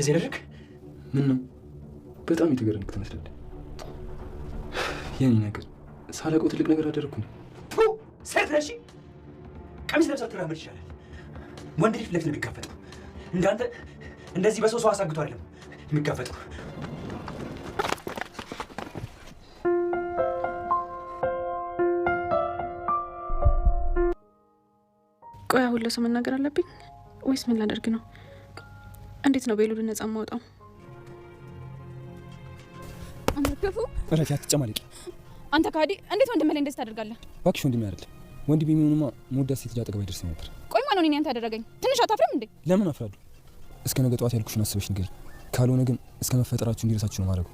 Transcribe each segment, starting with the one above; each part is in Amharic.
እንደዚህ ያደረግ ምን ነው? በጣም የተገረምክ ትመስላለህ። የኔ ነገር ሳላውቀው ትልቅ ነገር አደረግኩ። ሴት ነሽ፣ ቀሚስ ለብሳ ትራመድ ይሻላል። ወንድ ፊት ለፊት ነው የሚጋፈጠው። እንዳንተ እንደዚህ በሰው ሰው አሳግቶ አይደለም የሚጋፈጠው። ቆይ አሁን ለሰው መናገር አለብኝ ወይስ ምን ላደርግ ነው? እንዴት ነው ቤሉል ነጻ ማውጣው? አመከፉ ረፊ አትጨማለቂ። አንተ ካዲ፣ እንዴት ወንድም ላይ እንደዚህ ታደርጋለህ? እባክሽ ወንድም አይደለም ወንድም የሚሆንማ ሙዳ ሴት ልጅ አጠገብ አይደርስም ነበር። ቆይ ማን ነው አንተ ያደረገኝ? ትንሽ አታፍርም እንዴ? ለምን አፍራለሁ? እስከ ነገ ጠዋት ያልኩሽን አስበሽ ንገሪኝ። ካልሆነ ግን እስከ መፈጠራችሁ እንዲረሳችሁ ነው ማድረጉ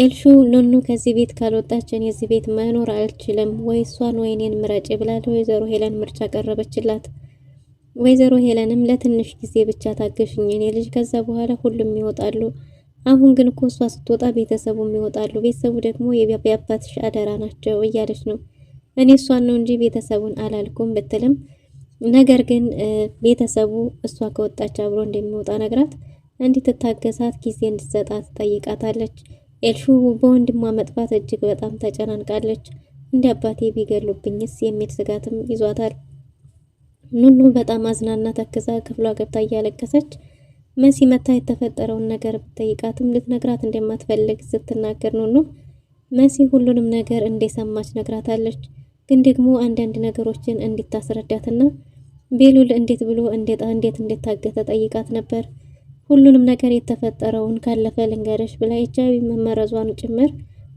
ኤልሹ ኑኑ ከዚህ ቤት ካልወጣችን የዚህ ቤት መኖር አልችልም፣ ወይ እሷን ወይ እኔን ምረጭ ብላለ ወይዘሮ ሄለን ምርጫ ቀረበችላት። ወይዘሮ ሄለንም ለትንሽ ጊዜ ብቻ ታገሽኝ እኔ ልጅ፣ ከዛ በኋላ ሁሉም ይወጣሉ። አሁን ግን እኮ እሷ ስትወጣ ቤተሰቡም ይወጣሉ። ቤተሰቡ ደግሞ የአባትሽ አደራ ናቸው እያለች ነው። እኔ እሷን ነው እንጂ ቤተሰቡን አላልኩም ብትልም ነገር ግን ቤተሰቡ እሷ ከወጣች አብሮ እንደሚወጣ ነግራት እንዲትታገሳት ጊዜ እንድትሰጣት ጠይቃታለች። ኤልሹ በወንድሟ መጥፋት እጅግ በጣም ተጨናንቃለች። እንደ አባቴ ቢገሉብኝስ የሚል ስጋትም ይዟታል። ኑኑ በጣም አዝናና ተክዛ ክፍሏ ገብታ እያለቀሰች መሲ መታ የተፈጠረውን ነገር ብጠይቃትም ልትነግራት እንደማትፈልግ ስትናገር ኑኑ መሲ ሁሉንም ነገር እንደሰማች ነግራታለች። ግን ደግሞ አንዳንድ ነገሮችን እንድታስረዳትና ቤሉል እንዴት ብሎ እንዴት እንዴት እንደታገተ ጠይቃት ነበር። ሁሉንም ነገር የተፈጠረውን ካለፈ ልንገርሽ ብላ ኤች አይ ቪ መመረዟን ጭምር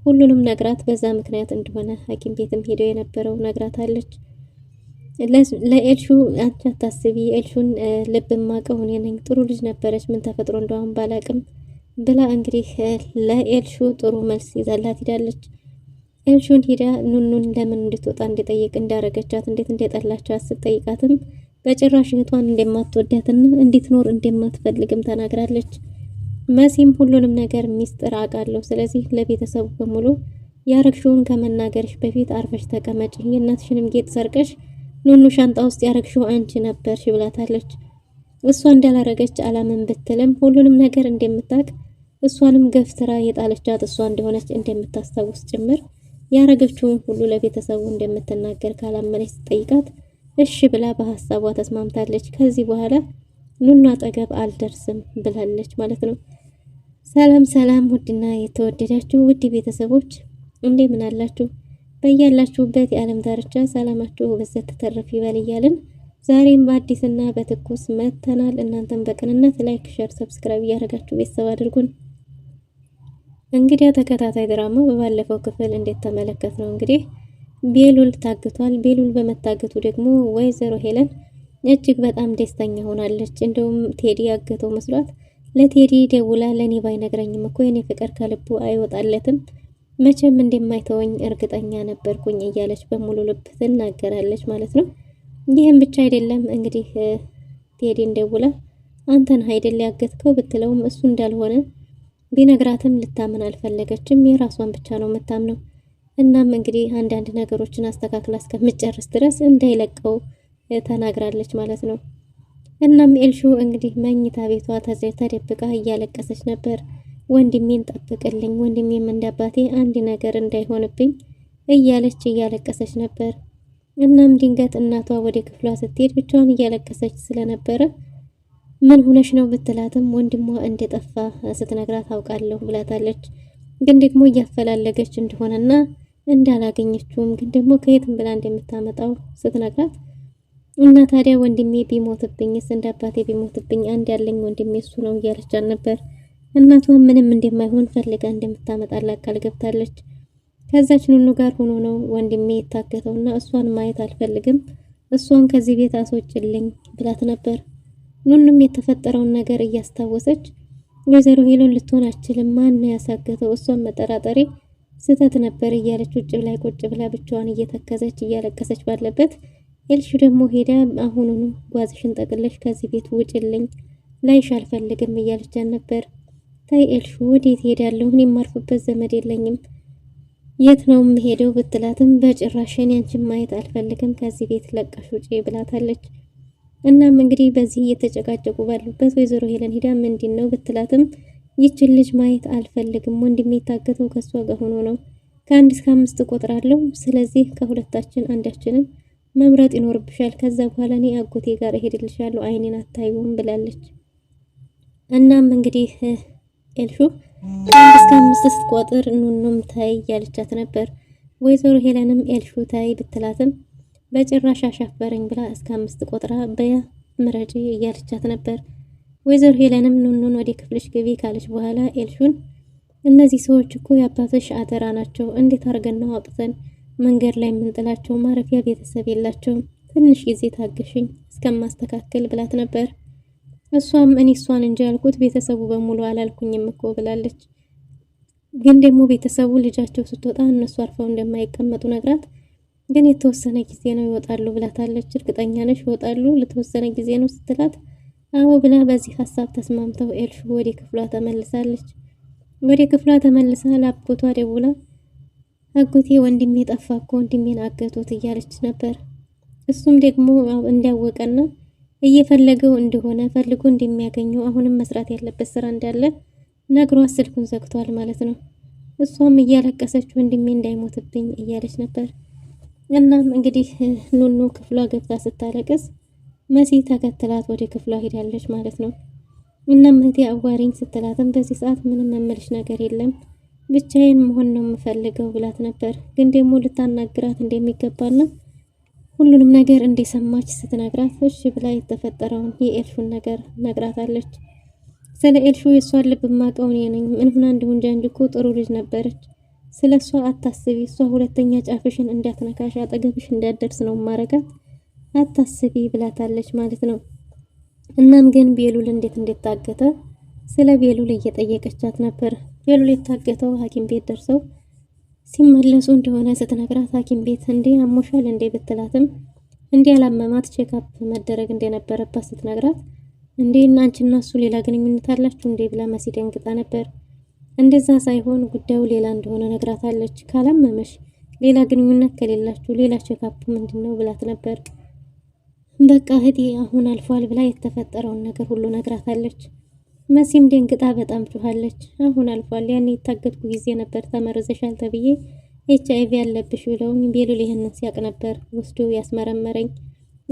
ሁሉንም ነግራት በዛ ምክንያት እንደሆነ ሐኪም ቤትም ሄዶ የነበረው ነግራት አለች። ለኤልሹ አንቺ አታስቢ፣ ኤልሹን ልብ ማቀው እኔ ነኝ፣ ጥሩ ልጅ ነበረች፣ ምን ተፈጥሮ እንደሆን ባላቅም ብላ እንግዲህ ለኤልሹ ጥሩ መልስ ይዛላት ሂዳለች። ኤልሹን ሄዳ ኑኑን ለምን እንድትወጣ እንደጠየቅ እንዳረገቻት እንዴት እንደጠላቻት ስትጠይቃትም በጭራሽ እህቷን እንደማትወዳትና እንድትኖር እንደማትፈልግም ተናግራለች። መሲም ሁሉንም ነገር ሚስጥር አውቃለሁ፣ ስለዚህ ለቤተሰቡ በሙሉ ያረግሽውን ከመናገርሽ በፊት አርፈሽ ተቀመጭ፣ የእናትሽንም ጌጥ ሰርቀሽ ኑኑ ሻንጣ ውስጥ ያረግሽው አንቺ ነበርሽ ብላታለች። እሷ እንዳላረገች አላምን ብትልም ሁሉንም ነገር እንደምታውቅ እሷንም ገፍትራ የጣለቻት እሷ እንደሆነች እንደምታስታውስ ጭምር ያረገችውን ሁሉ ለቤተሰቡ እንደምትናገር ካላመነች ጠይቃት እሺ ብላ በሀሳቧ ተስማምታለች። ከዚህ በኋላ ኑና አጠገብ አልደርስም ብላለች ማለት ነው። ሰላም ሰላም፣ ውድና የተወደዳችሁ ውድ ቤተሰቦች እንደምን አላችሁ? በያላችሁበት የዓለም ዳርቻ ሰላማችሁ በዘት ተተረፍ ይበል እያልን ዛሬም በአዲስና በትኩስ መጥተናል። እናንተም በቅንነት ላይክ፣ ሸር፣ ሰብስክራይብ እያደረጋችሁ ቤተሰብ አድርጉን። እንግዲህ ተከታታይ ድራማ በባለፈው ክፍል እንዴት ተመለከት ነው እንግዲህ ቤሉል ታግቷል። ቤሉል በመታገቱ ደግሞ ወይዘሮ ሄለን እጅግ በጣም ደስተኛ ሆናለች። እንደውም ቴዲ ያገተው መስሏት ለቴዲ ደውላ ለእኔ ባይነግረኝም እኮ የኔ ፍቅር ከልቡ አይወጣለትም መቼም እንደማይተወኝ እርግጠኛ ነበርኩኝ እያለች በሙሉ ልብ ትናገራለች ማለት ነው። ይህም ብቻ አይደለም እንግዲህ ቴዲ እንደውላ አንተን አይደል ያገትከው ብትለውም እሱ እንዳልሆነ ቢነግራትም ልታምን አልፈለገችም። የራሷን ብቻ ነው የምታምነው። እናም እንግዲህ አንዳንድ ነገሮችን አስተካክላ እስከምጨርስ ድረስ እንዳይለቀው ተናግራለች ማለት ነው። እናም ኤልሹ እንግዲህ መኝታ ቤቷ ተደብቃ እያለቀሰች ነበር። ወንድሜን ጠብቅልኝ፣ ወንድሜም እንዳባቴ አንድ ነገር እንዳይሆንብኝ እያለች እያለቀሰች ነበር። እናም ድንገት እናቷ ወደ ክፍሏ ስትሄድ ብቻዋን እያለቀሰች ስለነበረ ምን ሆነሽ ነው ብትላትም ወንድሟ እንደጠፋ ስትነግራት ታውቃለሁ ብላታለች። ግን ደግሞ እያፈላለገች እንደሆነና እንዳላገኘችውም ግን ደግሞ ከየትም ብላ እንደምታመጣው ስትነግራት እና ታዲያ ወንድሜ ቢሞትብኝስ እንደ አባቴ ቢሞትብኝ አንድ ያለኝ ወንድሜ እሱ ነው እያለቻት ነበር። እናቷ ምንም እንደማይሆን ፈልጋ እንደምታመጣላት ቃል ገብታለች። ከዛች ኑኑ ጋር ሆኖ ነው ወንድሜ የታገተውና እሷን ማየት አልፈልግም እሷን ከዚህ ቤት አስወጭልኝ ብላት ነበር። ኑኑም የተፈጠረውን ነገር እያስታወሰች ወይዘሮ ሄሎን ልትሆን አችልም፣ ማን ያሳገተው? እሷን መጠራጠሬ ስህተት ነበር እያለች ውጭ ላይ ቁጭ ብላ ብቻዋን እየተከዘች እያለቀሰች ባለበት ኤልሹ ደግሞ ሄዳ አሁኑኑ ጓዝሽን ጠቅለሽ ከዚህ ቤት ውጭልኝ፣ ላይሽ አልፈልግም እያለቻት ነበር። ታይ ኤልሹ ወዴት ሄዳለሁ? እኔ የማርፍበት ዘመድ የለኝም የት ነው የምሄደው? ብትላትም በጭራሽ እኔ አንቺን ማየት አልፈልግም ከዚህ ቤት ለቀሽ ውጪ ብላታለች። እናም እንግዲህ በዚህ እየተጨቃጨቁ ባሉበት ወይዘሮ ሄለን ሄዳ ምንድን ነው ብትላትም ይችን ልጅ ማየት አልፈልግም። ወንድሜ የታገተው ከእሷ ጋር ሆኖ ነው። ከአንድ እስከ አምስት እቆጥራለሁ። ስለዚህ ከሁለታችን አንዳችንን መምረጥ ይኖርብሻል። ከዛ በኋላ እኔ አጎቴ ጋር እሄድልሻለሁ። አይኔን አታዩም ብላለች። እናም እንግዲህ ኤልሹ ከአንድ እስከ አምስት ስትቆጥር ኑኑም ታይ እያለቻት ነበር። ወይዘሮ ሄለንም ኤልሹ ታይ ብትላትም በጭራሽ አሻፈረኝ ብላ እስከ አምስት ቆጥራ በምረጪ እያለቻት ነበር። ወይዘሮ ሄለንም ኑኑን ወደ ክፍልሽ ግቢ ካለች በኋላ ኤልሹን እነዚህ ሰዎች እኮ የአባትሽ አደራ ናቸው። እንዴት አድርገን ነው አውጥተን መንገድ ላይ የምንጥላቸው? ማረፊያ ቤተሰብ የላቸውም። ትንሽ ጊዜ ታግሽኝ እስከማስተካከል ብላት ነበር። እሷም እኔ እሷን እንጂ ያልኩት ቤተሰቡ በሙሉ አላልኩኝም እኮ ብላለች። ግን ደግሞ ቤተሰቡ ልጃቸው ስትወጣ እነሱ አርፈው እንደማይቀመጡ ነግራት፣ ግን የተወሰነ ጊዜ ነው ይወጣሉ ብላታለች። እርግጠኛ ነሽ ይወጣሉ ለተወሰነ ጊዜ ነው ስትላት አዎ ብላ በዚህ ሀሳብ ተስማምተው ኤልፍ ወደ ክፍሏ ተመልሳለች። ወደ ክፍሏ ተመልሳ ለአጎቷ ደውላ አጎቴ ወንድሜ ጠፋ እኮ ወንድሜን አገቶት እያለች ነበር። እሱም ደግሞ እንዳወቀና እየፈለገው እንደሆነ ፈልጎ እንደሚያገኘው አሁንም መስራት ያለበት ስራ እንዳለ ነግሯ ስልኩን ዘግቷል ማለት ነው። እሷም እያለቀሰች ወንድሜ እንዳይሞትብኝ እያለች ነበር። እናም እንግዲህ ኑኑ ክፍሏ ገብታ ስታለቅስ መሲ ተከትላት ወደ ክፍሏ ሄዳለች ማለት ነው። እናም እህቴ አዋሪኝ ስትላትም በዚህ ሰዓት ምንም መመልሽ ነገር የለም ብቻዬን መሆን ነው የምፈልገው ብላት ነበር። ግን ደግሞ ልታናግራት እንደሚገባና ሁሉንም ነገር እንደሰማች ስትነግራት እሺ ብላ የተፈጠረውን የኤልሹን ነገር ነግራታለች። ስለ ኤልሹ የእሷን ልብ ማቀውን ነኝ እንሁና እንዲሁን ጃንጅ እኮ ጥሩ ልጅ ነበረች። ስለ እሷ አታስቢ። እሷ ሁለተኛ ጫፍሽን እንዳትነካሽ አጠገብሽ እንዳደርስ ነው ማረጋት አታስቢ ብላታለች ማለት ነው። እናም ግን ቤሉል እንዴት እንደታገተ ስለ ቤሉል እየጠየቀቻት ነበር። ቤሉል የታገተው ሐኪም ቤት ደርሰው ሲመለሱ እንደሆነ ስትነግራት ሐኪም ቤት እንዴ አሞሻል እንዴ ብትላትም እንዴ ያላመማት ቼክአፕ መደረግ እንደነበረባት ስትነግራት እንዴ እናንቺና እሱ ሌላ ግንኙነት አላችሁ እንዴ ብላ መሲ ደንግጣ ነበር። እንደዛ ሳይሆን ጉዳዩ ሌላ እንደሆነ ነግራታለች። ካላመመሽ ሌላ ግንኙነት ከሌላችሁ ሌላ ቼክአፕ ምንድን ነው ብላት ነበር። በቃ እህቴ አሁን አልፏል ብላ የተፈጠረውን ነገር ሁሉ ነግራታለች። መሲም ደንግጣ በጣም ጩኋለች። አሁን አልፏል፣ ያኔ የታገድኩ ጊዜ ነበር ተመርዘሻል ተብዬ ኤች አይቪ ያለብሽ ብለውኝ ቤሉል ይህንን ሲያቅ ነበር ወስዶ ያስመረመረኝ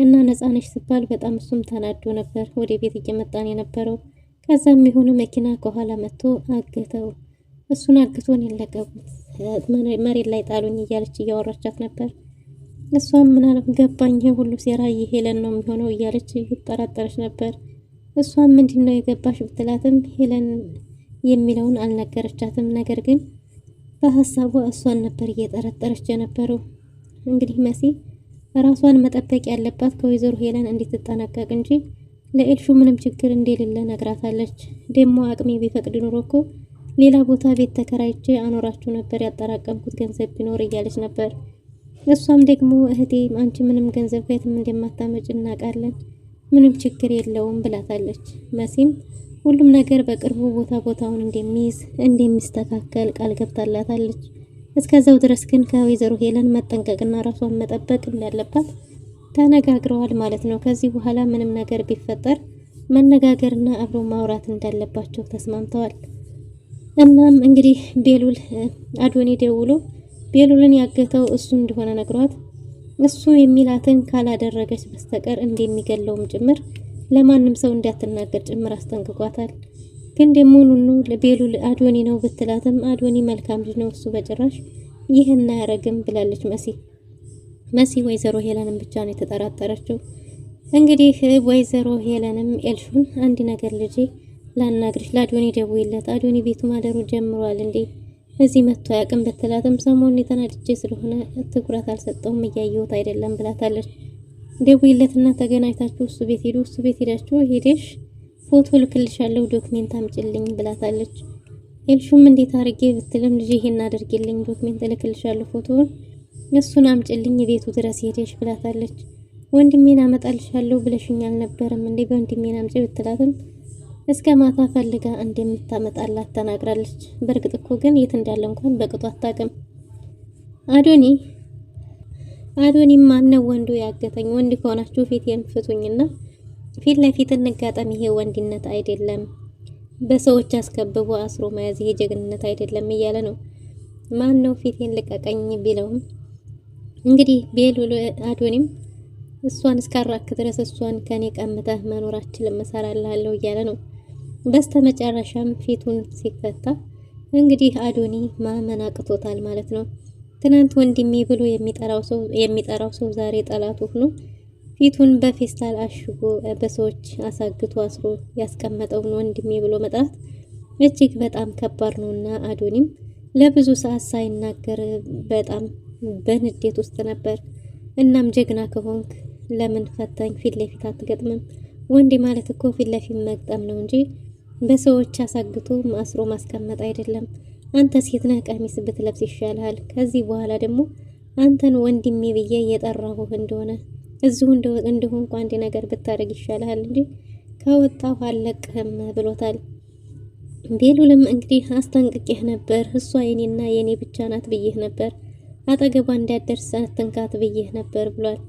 እና ነፃነሽ ስባል በጣም እሱም ተናዶ ነበር ወደ ቤት እየመጣን የነበረው። ከዛም የሆነ መኪና ከኋላ መጥቶ አግተው እሱን አግቶን የለቀቁት መሬት ላይ ጣሉኝ እያለች እያወራቻት ነበር። እሷም ምናልባት ገባኝ ይሄ ሁሉ ሴራ የሄለን ነው የሚሆነው እያለች እየጠራጠረች ነበር። እሷም ምንድን ነው የገባሽ ብትላትም ሄለን የሚለውን አልነገረቻትም። ነገር ግን በሀሳቧ እሷን ነበር እየጠረጠረች የነበረው። እንግዲህ መሲ ራሷን መጠበቅ ያለባት ከወይዘሮ ሄለን እንድትጠነቀቅ እንጂ ለኤልሹ ምንም ችግር እንደሌለ ነግራታለች። ደግሞ አቅሜ ቢፈቅድ ኑሮ እኮ ሌላ ቦታ ቤት ተከራይቼ አኖራችሁ ነበር ያጠራቀምኩት ገንዘብ ቢኖር እያለች ነበር እሷም ደግሞ እህቴ አንቺ ምንም ገንዘብ ከየትም እንደማታመጭ እናውቃለን፣ ምንም ችግር የለውም ብላታለች። መሲም ሁሉም ነገር በቅርቡ ቦታ ቦታውን እንደሚይዝ እንደሚስተካከል ቃል ገብታላታለች። እስከዛው ድረስ ግን ከወይዘሮ ሄለን መጠንቀቅና ራሷን መጠበቅ እንዳለባት ተነጋግረዋል ማለት ነው። ከዚህ በኋላ ምንም ነገር ቢፈጠር መነጋገርና አብሮ ማውራት እንዳለባቸው ተስማምተዋል። እናም እንግዲህ ቤሉል አዶኒ ደውሎ ቤሉልን ያገተው እሱ እንደሆነ ነግሯት እሱ የሚላትን ካላደረገች በስተቀር እንደሚገለውም ጭምር ለማንም ሰው እንዳትናገር ጭምር አስጠንቅቋታል። ግን ደግሞ ኑኑ ቤሉል አዶኒ ነው ብትላትም አዶኒ መልካም ልጅ ነው እሱ በጭራሽ ይህን አያረግም ብላለች። መሲ መሲ ወይዘሮ ሄለንም ብቻ ነው የተጠራጠረችው። እንግዲህ ወይዘሮ ሄለንም ኤልሹን አንድ ነገር ልጄ ላናግርሽ፣ ለአዶኒ ደውይለት። አዶኒ ቤቱ ማደሩ ጀምሯል እንዴ እዚህ መጥቶ አያውቅም ብትላትም ሰሞኑን የተናድጄ ስለሆነ ትኩረት አልሰጠውም እያየሁት አይደለም ብላታለች። ደውይለትና ተገናኝታችሁ እሱ ቤት ሄዱ እሱ ቤት ሄዳችሁ ሄደሽ ፎቶ ልክልሻለሁ ዶክሜንት አምጪልኝ ብላታለች። ኤልሹም እንዴት አድርጌ ብትልም ልጅ ይሄን አድርጌልኝ ዶክሜንት ልክልሻለሁ ፎቶውን እሱን አምጪልኝ ቤቱ ድረስ ሄደሽ ብላታለች። ወንድሜን አመጣልሻለሁ ብለሽኛል ነበርም እንዴ ወንድሜን አምጪ ብትላትም እስከ ማታ ፈልጋ እንደምታመጣላት ተናግራለች። በእርግጥ እኮ ግን የት እንዳለ እንኳን በቅጡ አታውቅም። አዶኒ አዶኒ ማነው ወንዱ ያገተኝ? ወንድ ከሆናችሁ ፊቴን ፍቱኝና ፊት ለፊት እንጋጠም። ይሄ ወንድነት አይደለም፣ በሰዎች አስከብቦ አስሮ መያዝ ይሄ ጀግንነት አይደለም እያለ ነው። ማን ነው ፊቴን ልቀቀኝ ቢለውም እንግዲህ ቤሉል አዶኒም እሷን እስካራክ ድረስ እሷን ከኔ ቀምተህ መኖር አችልም እሰራልሃለሁ እያለ ነው። በስተመጨረሻም ፊቱን ሲፈታ እንግዲህ አዶኒ ማመን አቅቶታል ማለት ነው። ትናንት ወንድሜ ብሎ የሚጠራው ሰው ዛሬ ጠላቱ ሆኖ ፊቱን በፌስታል አሽጎ በሰዎች አሳግቶ አስሮ ያስቀመጠውን ወንድሜ ብሎ መጥራት እጅግ በጣም ከባድ ነውና አዶኒም ለብዙ ሰዓት ሳይናገር በጣም በንዴት ውስጥ ነበር። እናም ጀግና ከሆንክ ለምን ፈታኝ ፊት ለፊት አትገጥምም? ወንዴ ማለት እኮ ፊት ለፊት መግጠም ነው እንጂ በሰዎች አሳግቶ አስሮ ማስቀመጥ አይደለም። አንተ ሴት ነህ፣ ቀሚስ ብትለብስ ይሻልሃል። ከዚህ በኋላ ደግሞ አንተን ወንድሜ ብዬ የጠራሁህ እንደሆነ እዚሁ እንደሆንኩ አንድ ነገር ብታደርግ ይሻልሃል እንጂ ከወጣሁ አልለቅህም ብሎታል። ቤሉልም እንግዲህ አስጠንቅቄህ ነበር፣ እሷ የኔና የኔ ብቻ ናት ብዬህ ነበር፣ አጠገቧ እንዳትደርስ አትንካት ብዬህ ነበር ብሏል።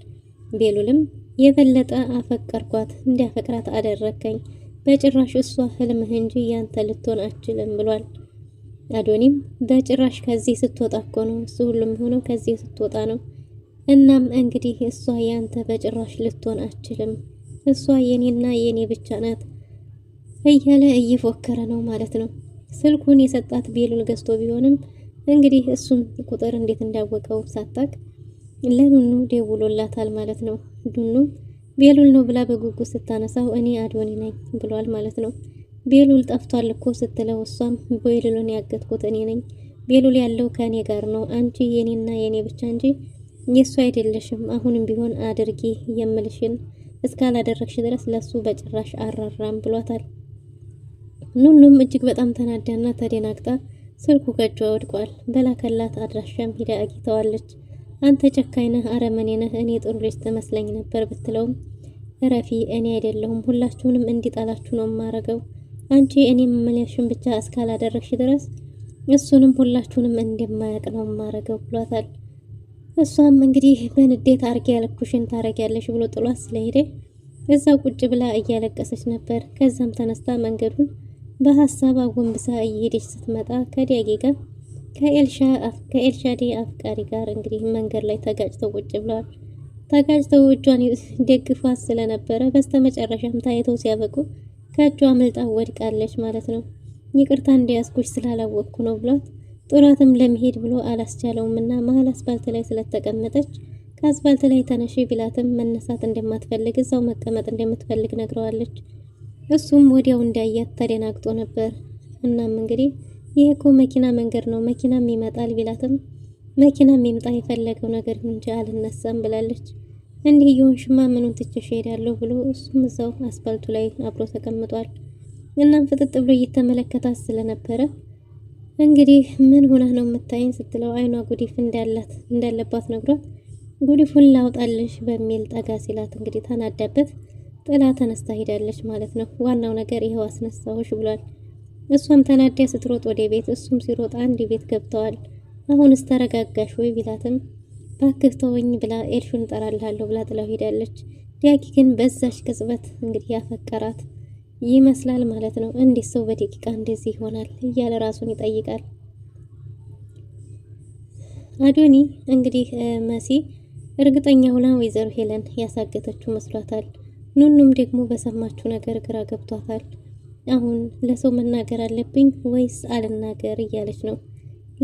ቤሉልም የበለጠ አፈቀርኳት፣ እንዲያፈቅራት አደረከኝ በጭራሽ እሷ ህልምህ እንጂ ያንተ ልትሆን አችልም ብሏል። አዶኒም በጭራሽ ከዚህ ስትወጣ እኮ ነው እሱ ሁሉም ሆነው ከዚህ ስትወጣ ነው። እናም እንግዲህ እሷ ያንተ በጭራሽ ልትሆን አችልም፣ እሷ የኔና የኔ ብቻ ናት እያለ እየፎከረ ነው ማለት ነው። ስልኩን የሰጣት ቤሉል ገዝቶ ቢሆንም እንግዲህ እሱም ቁጥር እንዴት እንዳወቀው ሳታቅ ለኑኑ ደውሎላታል ማለት ነው ዱኑ ቤሉል ነው ብላ በጉጉት ስታነሳው እኔ አድወኒ ነኝ ብሏል ማለት ነው። ቤሉል ጠፍቷል እኮ ስትለው እሷም ቤሉልን ያገትኩት እኔ ነኝ። ቤሉል ያለው ከእኔ ጋር ነው። አንቺ የኔና የኔ ብቻ እንጂ የእሱ አይደለሽም። አሁንም ቢሆን አድርጊ የምልሽን እስካላደረግሽ ድረስ ለሱ በጭራሽ አራራም ብሏታል። ኑኑም እጅግ በጣም ተናዳና ተደናግጣ ስልኩ ከእጇ ወድቋል። በላከላት አድራሻም ሂዳ አግኝተዋለች። አንተ ጨካኝ ነህ፣ አረመኔ ነህ፣ እኔ ጥሩ ልጅ ትመስለኝ ነበር ብትለውም እረፊ፣ እኔ አይደለሁም ሁላችሁንም እንዲጠላችሁ ነው የማረገው። አንቺ እኔ መመለሽን ብቻ እስካላደረግሽ ድረስ እሱንም ሁላችሁንም እንደማያቅ ነው የማረገው ብሏታል። እሷም እንግዲህ በንዴት አርጌ ያልኩሽን ታረጊያለሽ ብሎ ጥሏት ስለሄደ እዛ ቁጭ ብላ እያለቀሰች ነበር። ከዛም ተነስታ መንገዱን በሀሳብ አጎንብሳ እየሄደች ስትመጣ ከዲያጌ ጋር ከኤልሻዴ አፍቃሪ ጋር እንግዲህ መንገድ ላይ ተጋጭተው ቁጭ ብለዋል። ተጋጭተው እጇን ደግፏት ስለነበረ በስተመጨረሻም ታይተው ሲያበቁ ከእጇ ምልጣ ወድቃለች ማለት ነው። ይቅርታ እንዲያስኩሽ ስላላወቅኩ ነው ብሏት ጥሏትም ለመሄድ ብሎ አላስቻለውም እና መሀል አስፋልት ላይ ስለተቀመጠች ከአስፋልት ላይ ተነሺ ቢላትም መነሳት እንደማትፈልግ እዛው መቀመጥ እንደምትፈልግ ነግረዋለች። እሱም ወዲያው እንዳያት ተደናግጦ ነበር። እናም እንግዲህ ይህ እኮ መኪና መንገድ ነው፣ መኪናም ይመጣል ቢላትም መኪና ይምጣ የፈለገው ነገር እንጂ አልነሳም ብላለች። እንዲህ እየሆንሽማ ምኑን ትቼሽ እሄዳለሁ ብሎ እሱም እዛው አስፋልቱ ላይ አብሮ ተቀምጧል። እናም ፍጥጥ ብሎ እየተመለከታት ስለነበረ እንግዲህ ምን ሆና ነው የምታይኝ ስትለው አይኗ ጉዲፍ እንዳላት እንዳለባት ነግሯት ጉዲፉን ላውጣልሽ በሚል ጠጋ ሲላት እንግዲህ ተናዳበት ጥላ ተነስታ ሄዳለች ማለት ነው። ዋናው ነገር ይኸው አስነሳሁሽ ብሏል። እሷም ተናዳ ስትሮጥ ወደ ቤት፣ እሱም ሲሮጥ አንድ ቤት ገብተዋል። አሁንስ ተረጋጋሽ ወይ ቢላትም ባክህ ተወኝ ብላ ኤልሹን እጠራልሃለሁ ብላ ጥላው ሄዳለች። ዲያቂ ግን በዛች ቅጽበት እንግዲህ ያፈቀራት ይመስላል ማለት ነው። እንዴት ሰው በደቂቃ እንደዚህ ይሆናል እያለ ራሱን ይጠይቃል። አዶኒ እንግዲህ መሲ እርግጠኛ ሁና ወይዘሮ ሄለን ያሳገተችው መስሏታል። ኑኑም ደግሞ በሰማችው ነገር ግራ ገብቷታል። አሁን ለሰው መናገር አለብኝ ወይስ አልናገር እያለች ነው።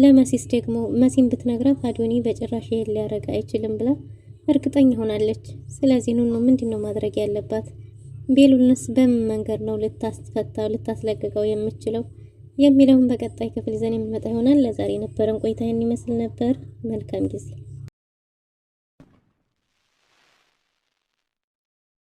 ለመሲስ ደግሞ መሲን ብትነግራት አዶኒ በጭራሽ ይሄን ሊያረግ አይችልም ብላ እርግጠኛ ሆናለች። ስለዚህ ኑኑ ምንድን ነው ማድረግ ያለባት? ቤሉንስ በምን መንገድ ነው ልታስፈታው ልታስለቅቀው የምችለው የሚለውን በቀጣይ ክፍል ይዘን የሚመጣ ይሆናል። ለዛሬ የነበረን ቆይታ ይህን ይመስል ነበር። መልካም ጊዜ